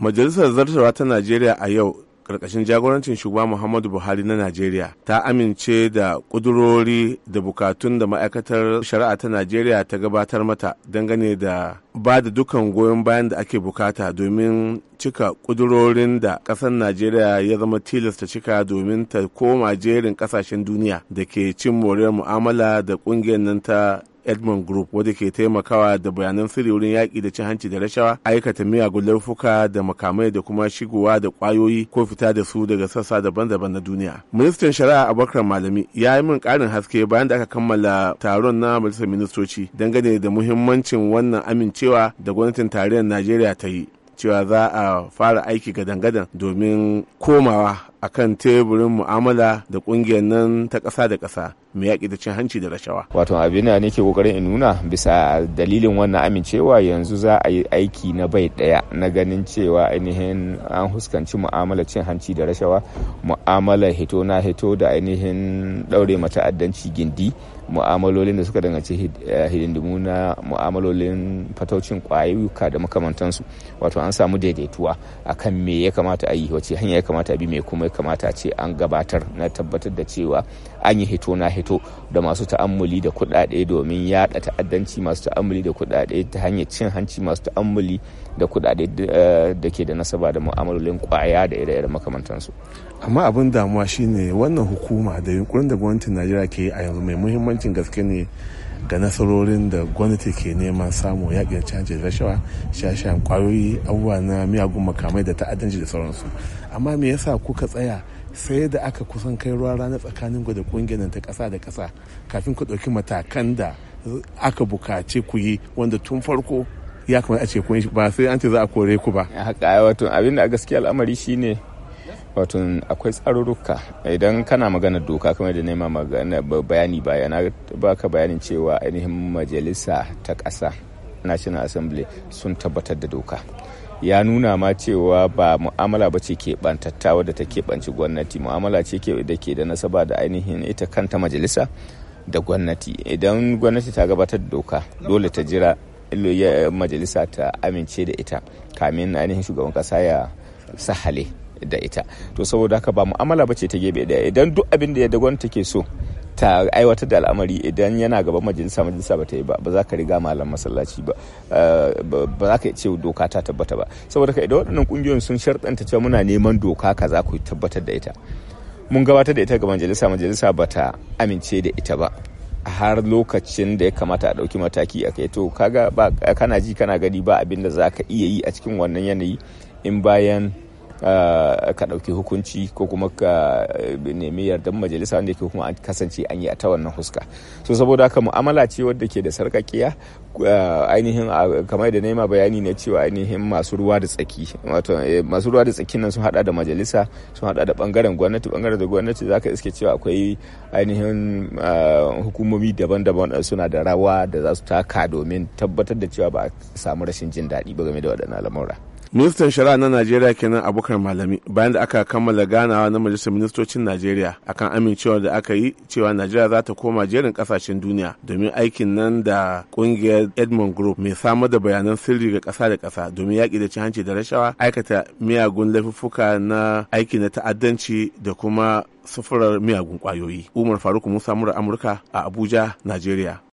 Majalisar Zartarwa ta Najeriya a yau karkashin jagorancin shugaba muhammadu buhari na najeriya ta amince da kudurori da bukatun da ma'aikatar shari'a ta najeriya ta gabatar mata dangane da ba da dukkan goyon bayan da ake bukata domin cika kudurorin da kasar najeriya ya zama tilasta cika domin ta koma jerin kasashen duniya da ke cin moriyar mu'amala da kungiyar nan ta Edmund group wadda ke taimakawa da bayanan sirri wurin yaƙi da cin hanci da rashawa aikata miyagun laifuka da makamai da kuma shigowa da ƙwayoyi ko fita da su daga sassa daban-daban na duniya ministan shari'a abubakar malami ya yi min ƙarin haske bayan da aka kammala taron na majalisar ministoci dangane da muhimmancin wannan amincewa da gwamnatin tarayyar najeriya ta yi cewa za a fara aiki gadan-gadan domin komawa a kan teburin mu'amala da kungiyar nan ta ƙasa da kasa mai yaƙi da cin hanci da rashawa. Wato abin da nake kokarin in nuna bisa dalilin wannan amincewa yanzu za a yi aiki na bai ɗaya na ganin cewa ainihin an huskanci mu'amala cin hanci da rashawa mu'amala hito na hito da ainihin ɗaure mata'addanci gindi mu'amalolin da suka danganci eh, hidindimu na mu'amalolin fataucin kwayuka da makamantansu wato an samu daidaituwa a kan me ya kamata a yi wace hanya ya kamata a bi me kuma ya kamata ce an gabatar na tabbatar da cewa an yi hito na hito da masu ta'ammuli da kuɗaɗe domin yaɗa ta'addanci masu ta'ammuli da kuɗaɗe ta hanyar cin hanci masu ta'ammuli da kuɗaɗe da eh, ke da nasaba da mu'amalolin kwaya da ire-iren makamantansu amma abin damuwa shine wannan hukuma da yunkurin da gwamnatin najeriya ke yi a yanzu mai muhimmanci bambancin gaske ne ga nasarorin da gwamnati ke neman samu yakin canjin rashawa shashayen kwayoyi abubuwa na miyagun makamai da ta'addanci da sauransu amma me yasa kuka tsaya sai da aka kusan kai ruwa rana tsakanin da kungiyar ta kasa da kasa kafin ku ɗauki matakan da aka bukace ku yi wanda tun farko ya kamata a ce kun ba sai an ce za a kore ku ba haka wato abin da a gaskiya al'amari shine wato akwai tsarurruka idan kana magana doka kamar da nema magana bayani baya na baka bayanin cewa ainihin majalisa ta kasa. national assembly sun tabbatar da doka ya nuna ma cewa ba mu'amala ba ce bantattawa da ta keɓanci gwamnati mu'amala ce da ke da nasaba da ainihin ita kanta majalisa da gwamnati idan gwamnati ta gabatar da doka dole ta jira majalisa ta amince da ita kamin ainihin shugaban ƙasa ya sahale da ita to saboda haka ba mu'amala bace ta gebe daya idan duk abin da ya dagon take so ta aiwatar da al'amari idan yana gaban majalisa majalisa ba ta yi ba ba za ka riga malam masallaci ba eh, ba za ka ce doka ta tabbata ba saboda ka idan waɗannan ƙungiyoyin sun sharɗanta cewa muna neman doka ka za ku tabbatar da ita mun gabatar da ita ga majalisa majalisa ba ta amince da ita ba har lokacin da ya kamata a ɗauki mataki a kai to kaga ba kana ji kana gani ba abin da za ka iya yi a cikin wannan yanayi in bayan ka ɗauki hukunci ko kuma ka eh, nemi yardan majalisa wanda ke kuma an kasance an yi a ta wannan huska so saboda haka mu'amala ce wadda ke da sarkakiya eh, ainihin ah, kamar da nema bayani na cewa ainihin masu ruwa da tsaki wato eh, masu ruwa da tsakin nan sun hada da majalisa sun hada da bangaren gwamnati bangaren da gwamnati zaka iske cewa akwai ainihin hukumomi daban-daban suna da rawa da za su taka domin tabbatar da cewa ba a samu rashin jin daɗi ba game da waɗannan lamura. ministan shari'a na najeriya kenan abokan malami bayan da aka kammala ganawa na majalisar ministocin najeriya akan amincewa da aka yi cewa najeriya za ta koma jerin kasashen duniya domin aikin nan da kungiyar edmond group mai samar da bayanan sirri ga kasa da kasa domin yaƙi da cin hanci da rashawa aikata miyagun laifuffuka na aiki na ta'addanci da kuma sufurar miyagun kwayoyi umar faruk musa mura amurka a abuja najeriya